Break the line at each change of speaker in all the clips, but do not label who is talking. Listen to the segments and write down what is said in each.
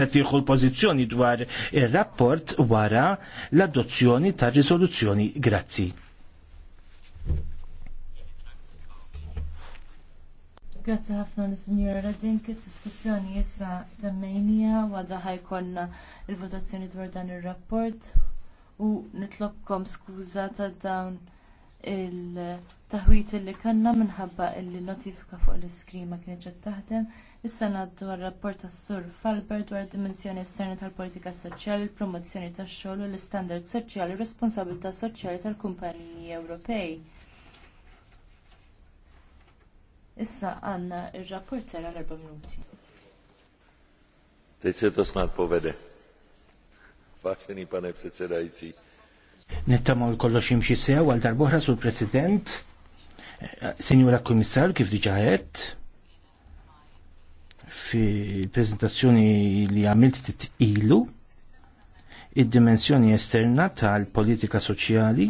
qed jieħu l-pożizzjoni dwar ir-rapport wara l-adozzjoni ta' riżoluzzjoni. Grazzi.
Grazzi ħafna l-Sinjora Radin, kif diskussjoni issa temmejnija għadha ħajkonna il-votazzjoni dwar dan ir-rapport u nitlobkom skuża ta' dawn il-taħwit li kanna minħabba il-notifika fuq l iskrima ma kienx taħdem. Issa ngħaddu għar-rapport tas-Sur Falber dwar dimensjoni esterna tal-politika soċjali, promozzjoni tax-xogħol u l-istandard soċjali u responsabilità soċjali tal-kumpaniji Ewropej. Issa għandna ir-rapport tara l-erba' minuti.
Tejt snad povede. Faxeni Nittamu l-kollox jimxi sew għal darbohra sul president Senjura Komissar kif diġaħet, fi prezentazzjoni li għamilt ftit ilu id-dimensjoni esterna tal-politika soċjali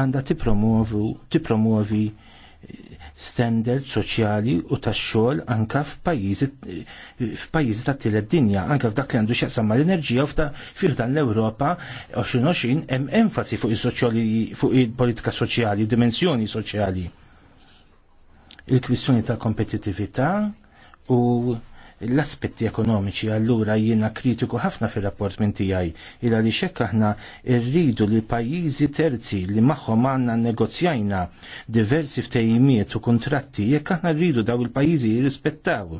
għandha tippromuovi eh, standard soċjali u tax-xogħol anka eh, f'pajjiżi ta' tielet dinja, anka f'dak li għandu x'jaqsam mal-enerġija u fih dan l-Ewropa 2020 hemm enfasi fuq is-soċjali fuq il-politika soċjali, dimensjoni soċjali il-kwistjoni ta' kompetitività u l-aspetti ekonomiċi allura jiena kritiku ħafna fil-rapport minn tiegħi il li xekk aħna rridu li pajjiżi terzi li magħhom għandna negozjajna diversi ftejimiet u kontratti jekk aħna rridu daw il-pajjiżi jirrispettaw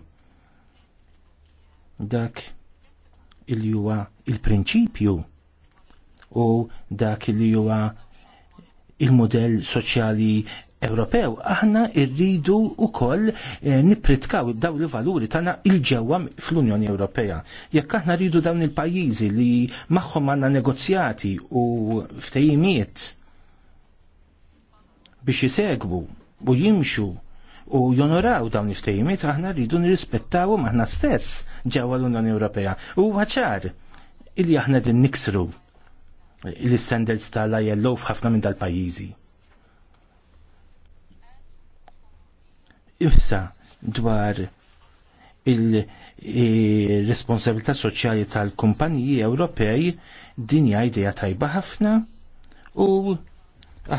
dak il huwa il-prinċipju u dak il huwa il-modell soċjali Ewropew, aħna irridu u koll eh, nipritkaw daw il-valuri tana il-ġewwa fl-Unjoni Ewropea. Jekk aħna rridu dawn il-pajjiżi li magħhom għandna negozjati u ftejimiet biex jisegbu u jimxu u jonoraw dawn il-ftejimiet, aħna rridu nirrispettaw maħna stess ġewwa l-Unjoni Ewropea. U ċar illi aħna din niksru l-standards tal-ILO f'ħafna minn dal-pajjiżi. Issa dwar il-responsabilità soċjali tal-kumpaniji Ewropej din hija idea tajba ħafna u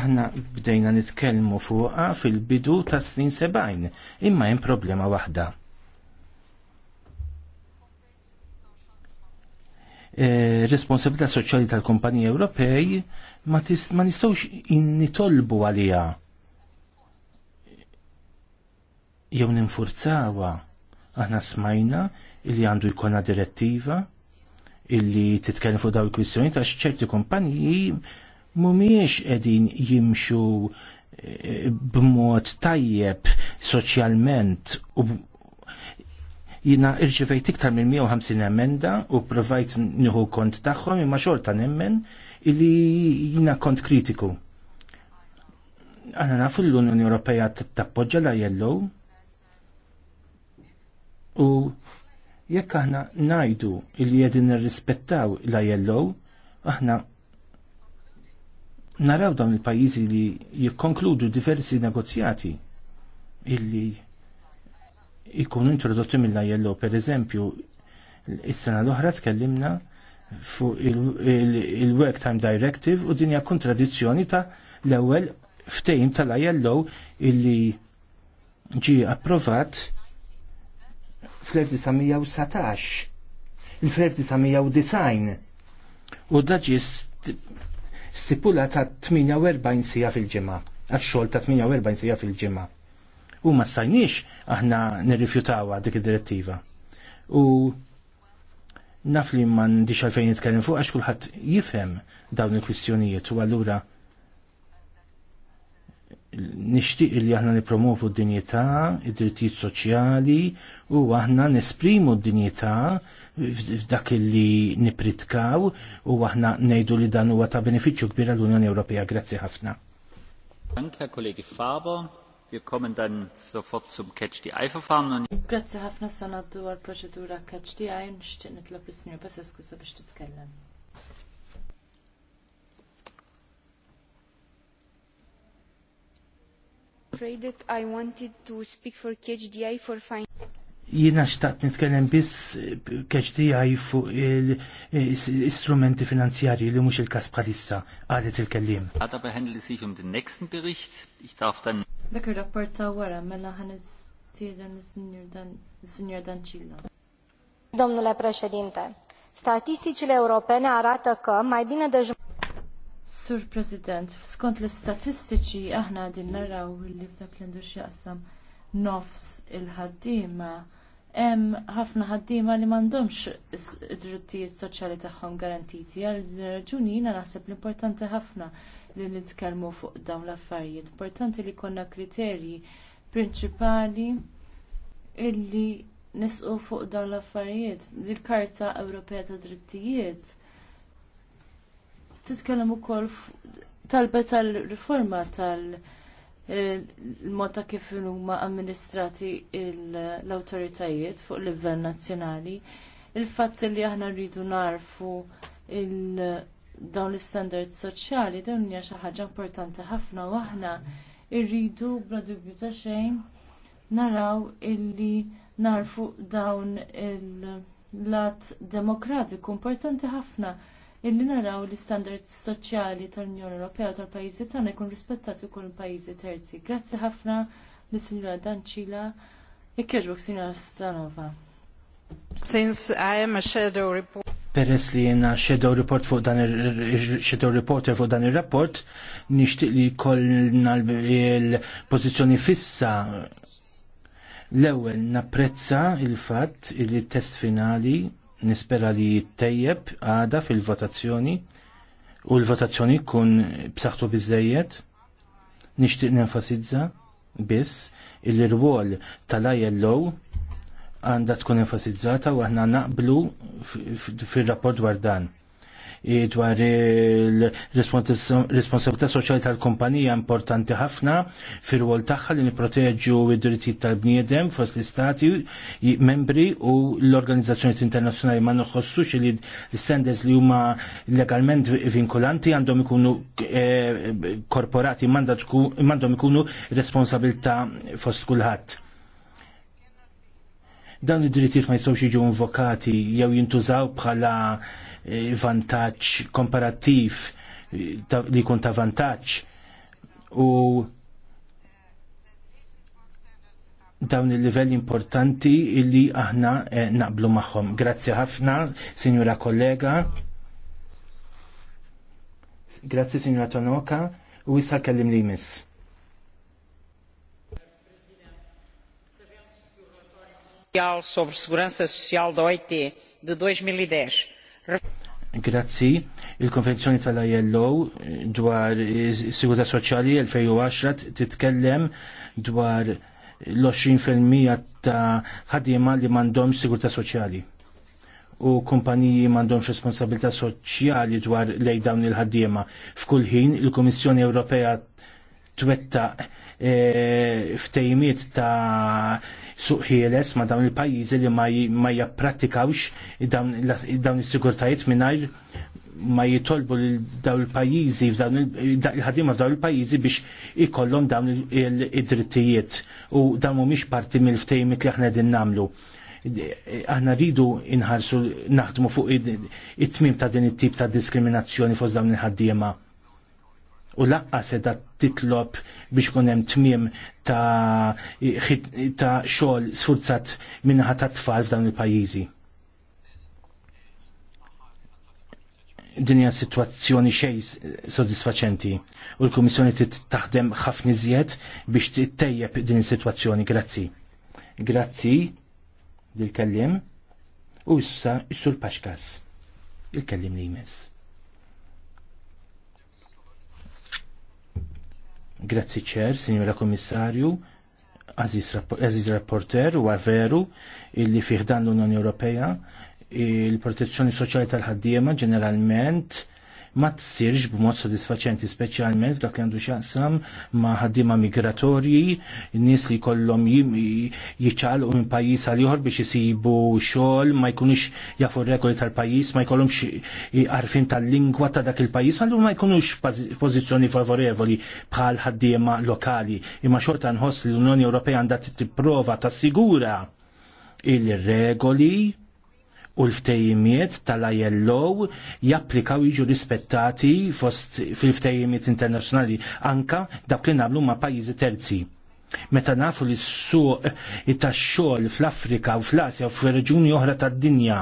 aħna bdejna nitkellmu fuqha fil-bidu ta' snin sebgħin, imma hemm problema waħda. E, responsabilità soċjali tal-kumpaniji Ewropej ma, nistgħux nitolbu għaliha jew ninfurzawa. Aħna smajna illi għandu jkollna direttiva illi titkellem fuq daw il-kwistjoni ta' ċerti kumpaniji mhumiex qegħdin jimxu eh, b'mod tajjeb soċjalment u jina irċivejt iktar minn 150 emenda u provajt nieħu kont tagħhom imma xorta nemmen illi jina kont kritiku. Għana nafu l-Unjoni Ewropea tappoġġa la jellow U jekk aħna najdu il jedin nirrispettaw la jellow, aħna naraw dawn il-pajjiżi li jikkonkludu diversi negozjati illi ikunu introdotti mill jellow. per eżempju is-sena l-oħra tkellimna fuq il-Work Time Directive u dinja kontradizzjoni ta' l-ewwel ftejn tal-ILO illi ġi approvat fl-1917 il-1990 u daġi stipula ta' 48 sija fil-ġimma, għax-xogħol ta' 48 sija fil-ġimma. U ma stajniex aħna nirrifjutawa dik id-direttiva. U naf li m'għandix għalfejn jitkellem fuq għax kulħadd jifhem dawn il-kwistjonijiet u allura nixtieq li aħna nipromovu d-dinjità, id-drittijiet soċjali u aħna nesprimu d-dinjità f'dak li nipritkaw u aħna ngħidu li dan huwa ta' benefiċċju kbir għall-Unjoni Ewropea. Grazzi ħafna.
Danke, kollegi Faber. Wir kommen dann sofort zum Catch the Eye Verfahren. Grazzi ħafna sanaddu għal proċedura Catch the Eye nixtieq nitlob is-Sinjur Besesku biex titkellem.
Jina xtaqt nitkellem biss KHDI fuq il-istrumenti finanzjarji li mhux il kas bħalissa qalet il-kellim.
Għada behandelt sich um den nächsten Bericht. Ich darf dann Dak ir-rapport ta' wara mela ħanis tieden is Dan Dancilla.
Domnule președinte, statisticile europene arată că mai bine de
Sur President, skont l-istatistiċi aħna din naraw li f'dak li għandu x'jaqsam nofs il-ħaddiema hemm ħafna ħaddiema li m'għandhomx id-drittijiet soċjali tagħhom garantiti għal raġuni jiena naħseb l-importanti ħafna li nitkellmu fuq dawn l-affarijiet. Importanti li jkollna kriterji prinċipali illi nisqu fuq dawn l-affarijiet. Il-Karta Ewropea ta' Drittijiet titkellem ukoll talbet tal-riforma tal- riforma tal eh, mod ta' kif huma amministrati l-awtoritajiet fuq livell nazzjonali. Il-fatt li aħna rridu narfu dawn l-standards soċjali dawn hija xi ħaġa importanti ħafna u aħna rridu bla dubju ta' xejn naraw illi narfu dawn il-lat demokratiku importanti ħafna illi naraw li standards soċjali tal-Unjoni Ewropea u tal-pajjiżi tagħna jkun rispettati wkoll pajjiżi terzi. Grazzi ħafna lis-Sinjura Danċila jekk jogħġbok Sinjura Stanova. Since I am a shadow report
Peress li jenna shadow report fuq dan shadow reporter fuq dan il-rapport, nishtiq li kollna il-pozizjoni fissa l-ewel napprezza il-fatt il-test finali nispera li jittejjeb għada fil-votazzjoni u l-votazzjoni kun b'saħħtu bizzejiet nixtieq nenfasizza biss il-rwol tal-ILO għandha tkun enfasizzata u aħna naqblu fir-rapport dwar dan dwar il-responsabilità soċjali tal-kumpanija importanti ħafna fir-rwol tagħha li nipproteġu id-drittijiet tal-bniedem fost l-istati membri u l-organizzazzjoni internazzjonali ma noħossux li l-standards li huma legalment vinkulanti għandhom ikunu eh, korporati m'għandhom ikunu responsabilità fost kulħadd Dawn id-drittijiet ma jistgħux jiġu invokati jew jintużaw bħala eh, vantaġġ komparattiv eh, li jkun ta' vantaġġ u dawn il-livell importanti illi aħna eh, naqblu magħhom. Grazzi ħafna, Sinjura kollega. Grazzi, Sinjura Tonoka. U issa kellim li miss.
sobre Segurança Social da OIT de 2010.
E Grazzi, il-Konvenzjoni tal-ILO dwar is-Sigurtà Soċjali 2010 titkellem dwar l-20% ta' ħaddiema li m'għandhomx sigurtà soċjali u kumpaniji mandomx responsabilità soċjali dwar lej dawn il-ħaddiema. F'kull ħin, il-Kummissjoni Ewropea twetta e, ftejmiet ta' suqħieles ma' dawn il-pajjiżi li ma jappratikawx dawn is-sigurtajiet mingħajr ma jitolbu l dawn il-pajjiżi il-ħadima f'dawn il-pajjiżi biex ikollhom dawn id-drittijiet u dawn mhumiex parti mill ftejmiet li aħna qegħdin nagħmlu. Aħna rridu inħarsu naħdmu fuq it-tmim ta' din it-tip ta' diskriminazzjoni fost dawn il-ħaddiema u laqqa seda titlob biex kunem tmim ta', ta xol sfurzat minnaħat ta' tfal f'dawn il-pajizi. dinja situazzjoni xej sodisfaċenti u l-Komissjoni taħdem ħafna iżjed biex tittejjeb din is-sitwazzjoni. Grazzi. Grazzi dil-kellim u issa is-sur Paxkas. Il-kellim li jmiss. Grazzi ċer, Signora Komissarju, Aziz, Rapporter u għaveru illi fiħdan l-Unjoni Ewropea il-protezzjoni soċjali tal-ħaddiema ġeneralment ma tsirx b'mod sodisfaċenti speċjalment dak li għandu xaqsam ma' ħaddiema migratorji, nies li kollhom jiċċalqu minn pajjiż għal ieħor biex isibu xogħol, ma jkunux jafu regoli tal-pajjiż, ma jkollhomx arfin tal-lingwa ta' dak il-pajjiż, għallu ma jkunux pożizzjoni favorevoli bħal ħaddiema lokali. Imma xorta nħoss li l-Unjoni Ewropea għandha tipprova tassigura il-regoli u l-ftejimiet tal-ILO japplikaw jiġu rispettati fost fil-ftejimiet internazzjonali anka dak li nagħmlu ma' pajjiżi terzi. Meta nafu li s-suq tax-xogħol fl-Afrika u fl-Asja u fl-reġuni oħra tad-dinja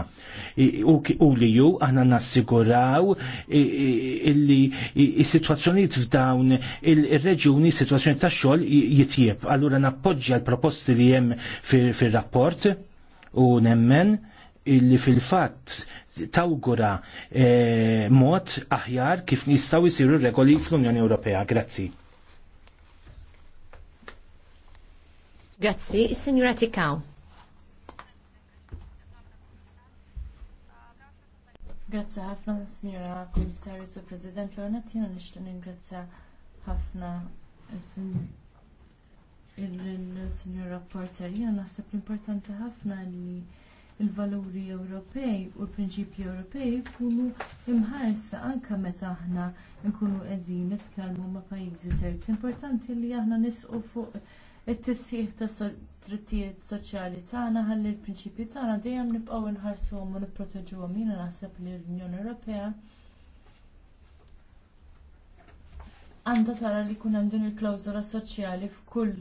u li ju aħna nassiguraw illi is-sitwazzjonijiet f'dawn ir-reġuni s sitwazzjoni tax-xogħol jitjieb. Allura nappoġġja l-proposti li hemm fir-rapport u nemmen illi fil-fatt tawgura mod aħjar kif nistaw jisiru regoli fl-Unjoni Ewropea. Grazzi.
Grazzi, signora Tikaw.
Grazzi ħafna, signora Komissarju su President Lornet, jena nishtan ingrazzja ħafna il-signora Porter. Jena naħseb l-importanti ħafna li il-valuri Ewropej u l-prinċipji Ewropej jkunu imħarsa anke meta aħna nkunu qegħdin nitkellmu ma' pajjiżi terz. Importanti li aħna nisqu fuq it-tisħiħ ta' drittijiet soċjali tagħna ħalli l-prinċipji tagħna dejjem nibqgħu nħarsuhom u nipproteġuhom. Jiena naħseb li l-Unjoni Ewropea għandha tara li jkun hemm din il-klawżola soċjali f'kull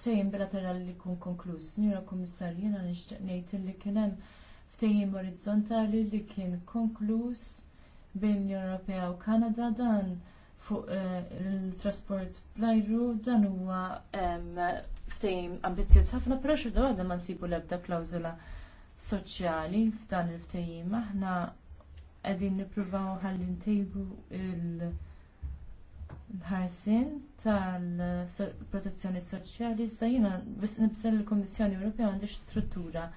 ftejjim bilaterali li jkun konkluż. Njura Kummissarju, jiena nixtieq ngħid li kien hemm ftehim orizzontali li kien konkluż bejn l-Unjoni Ewropea u Kanada dan fuq eh, il-trasport blajru dan huwa ftehim ambizzjuż ħafna però xi waħda ma nsibu l-ebda klawżola soċjali f'dan il-ftehim aħna qegħdin nippruvaw ħalli ntejbu il- ħarsin tal-protezzjoni soċjali iżda jiena nibżel il-Kummissjoni Ewropea għandu struttura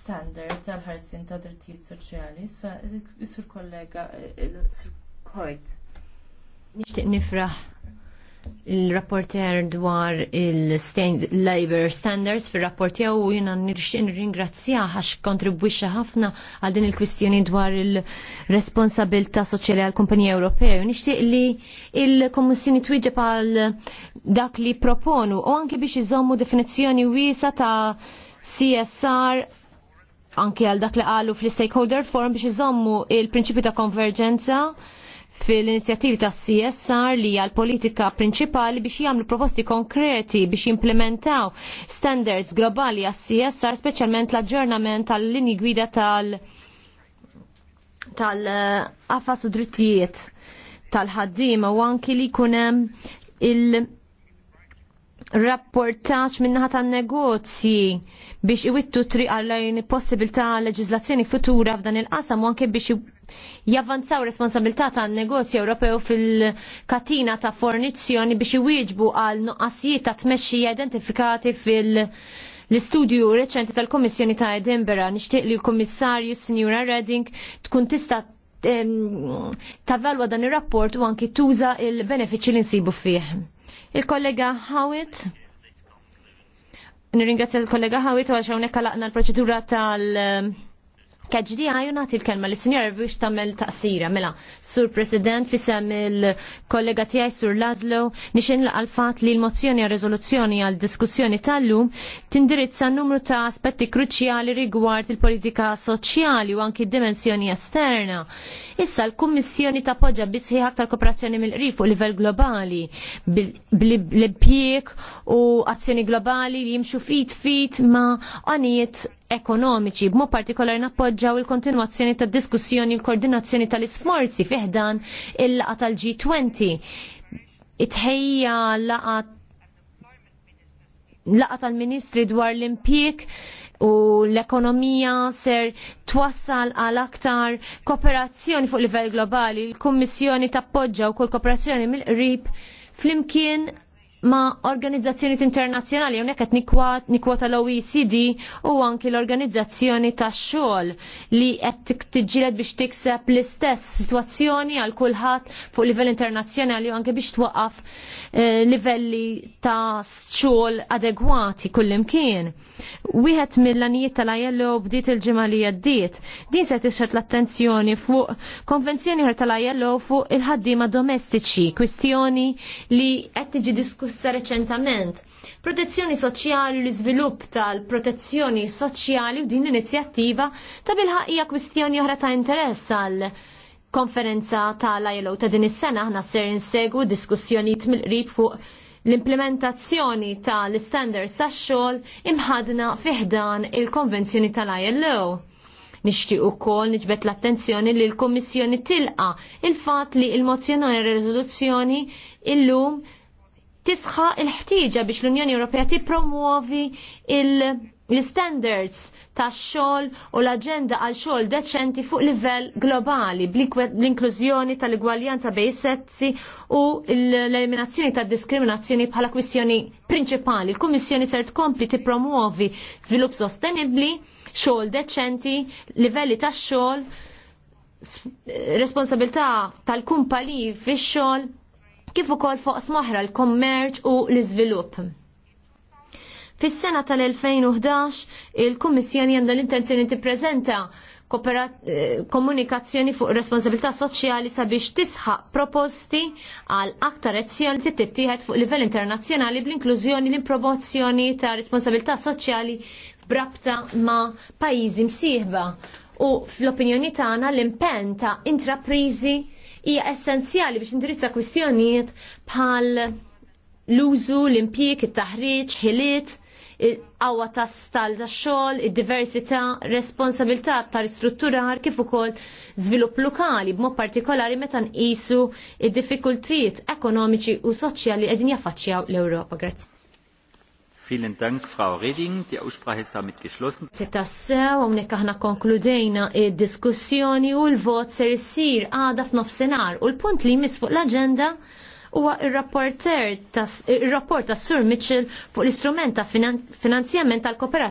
standard tal-ħarsin ta' drittijiet soċjali. Issa sur kollega sur Kojt.
Nixtieq nifraħ il-rapporter dwar il-labor standards fil-rapport jew jina nirxin ringrazzja għax kontribwixxa ħafna għal din il-kwistjoni dwar il-responsabilta soċjali għal kumpanija Ewropew. Nixtieq li il komissjoni twieġeb għal dak li proponu u anke biex iżommu definizzjoni wiesa ta' CSR anke għal dak li qalu fl-stakeholder forum biex iżommu il-prinċipju ta' konverġenza fil-inizjattivi ta' CSR li għal politika prinċipali biex jagħmlu proposti konkreti biex jimplementaw standards globali għas CSR speċjalment l-aġġornament tal-linji gwida tal- tal-qafas u drittijiet tal-ħaddiema u anki li kunem il- rapportaċ minnaħat tan negozji biex iwittu triq għallajn possibilità leġizlazzjoni futura f'dan il-qasam u anke biex javvanzaw responsabilità tan negozju Ewropew fil-katina ta' fornizzjoni biex iwieġbu għal nuqqasijiet ta' tmexxija identifikati fil- l-istudju reċenti tal-Komissjoni ta' Edinburgh nixtieq li l-Kummissarju Sinjura Redding tkun tista' tavalwa dan ir-rapport u anki tuża il-benefiċċji li nsibu fih. Il-kollega Howitt Nirringrazzja l-kollega Hawit għal xawnek kalaqna l-proċedura tal- Keġdi għaju nati l-kelma li sinjar biex tamel taqsira, mela, sur president fisem il-kollega tijaj sur Lazlo, nixin l-alfat li l-mozzjoni għal rezoluzzjoni għal diskussjoni tal-lum tindirizza numru ta' aspetti kruċjali rigward il-politika soċjali u anki dimensjoni esterna. Issa l-Kummissjoni ta' poġġa bisħi aktar kooperazzjoni mill-qrib u livell globali bl impjieg u azzjoni globali li jimxu fit fit ma' għaniet ekonomiċi, b'mod partikolari nappoġġaw il-kontinuazzjoni tad diskussjoni u l-koordinazzjoni tal-isforzi fiħdan il-laqa tal-G20. Itħejja laqa laqa tal-ministri dwar l-impjek u l-ekonomija ser twassal għal aktar kooperazzjoni fuq livell globali. Il-Kummissjoni tappoġġa u kull kooperazzjoni mill-qrib flimkien ma' organizzazzjoni internazzjonali, unek għet nikwota l-OECD u anki l-organizzazzjoni ta' xol li għet tiġilet biex tikseb l-istess situazzjoni għal kulħat fuq livell internazzjonali u anki biex twaqaf eh, livelli ta' xol adegwati kullimkien. Wieħed mill-anijiet tal-ajello bdiet il-ġimgħa li għaddiet. Din se tixħet l-attenzjoni fuq konvenzjoni ħar tal-ajello fuq il-ħaddiema domestiċi, kwistjoni li qed tiġi diskus issa reċentament. Protezzjoni soċjali u l-iżvilupp tal-protezzjoni soċjali u din l-inizjattiva ta' bilħaqija kwistjoni oħra ta' interess għal konferenza tal-ILO ta' din is-sena aħna ser insegu diskussjonijiet mill-qrib fuq l-implementazzjoni tal-standards tax-xogħol imħadna fiħdan il-konvenzjoni tal-ILO. Nixtieq ukoll niġbed l-attenzjoni li l-Kummissjoni tilqa il-fatt li l-mozzjoni il riżoluzzjoni illum tisħa il-ħtieġa biex l-Unjoni Ewropea tippromuovi l-standards tax xogħol u l-aġenda għal xogħol deċenti fuq livell globali bl-inklużjoni tal-igwaljanza bej sezzi u l-eliminazzjoni tad diskriminazzjoni bħala kwistjoni prinċipali. Il-Kummissjoni ser tkompli tippromuovi żvilupp sostenibbli, xogħol deċenti, livelli tax xogħol, responsabilità tal-kumpaniji fix-xogħol kif ukoll fuq smaħra l-kommerċ u l-iżvilupp. Fis-sena tal-2011 il-Kummissjoni għandha l-intenzjoni tippreżenta eh, komunikazzjoni fuq responsabilità soċjali sabiex tisħaq proposti għal aktar azzjoni li tittieħed fuq livell internazzjonali bl-inklużjoni l-impromozzjoni ta' responsabilità soċjali brabta ma' pajjiżi msieħba u fl-opinjoni tagħna l-impenn ta' intraprizi hija essenzjali biex indirizza kwistjonijiet bħal l-użu, l impjik it-taħriġ, ħiliet, qawwa ta' stal tax-xogħol, id-diversità, responsabilità ta' ristrutturar kif ukoll żvilupp lokali b'mod partikolari meta nqisu id-diffikultijiet ekonomiċi u soċjali qegħdin jaffaċċjaw l-Ewropa. Grazzi.
Vielen Dank, Frau Reding. Die Aussprache ist damit geschlossen.
Sitassew, umnek aħna konkludejna id-diskussjoni u l-vot ser sir għada f'nofsenar u l-punt li jmiss fuq l-agenda huwa ir-rapport tas Sur Mitchell fuq l-istrument ta' finanzjament tal-kooperazzjoni.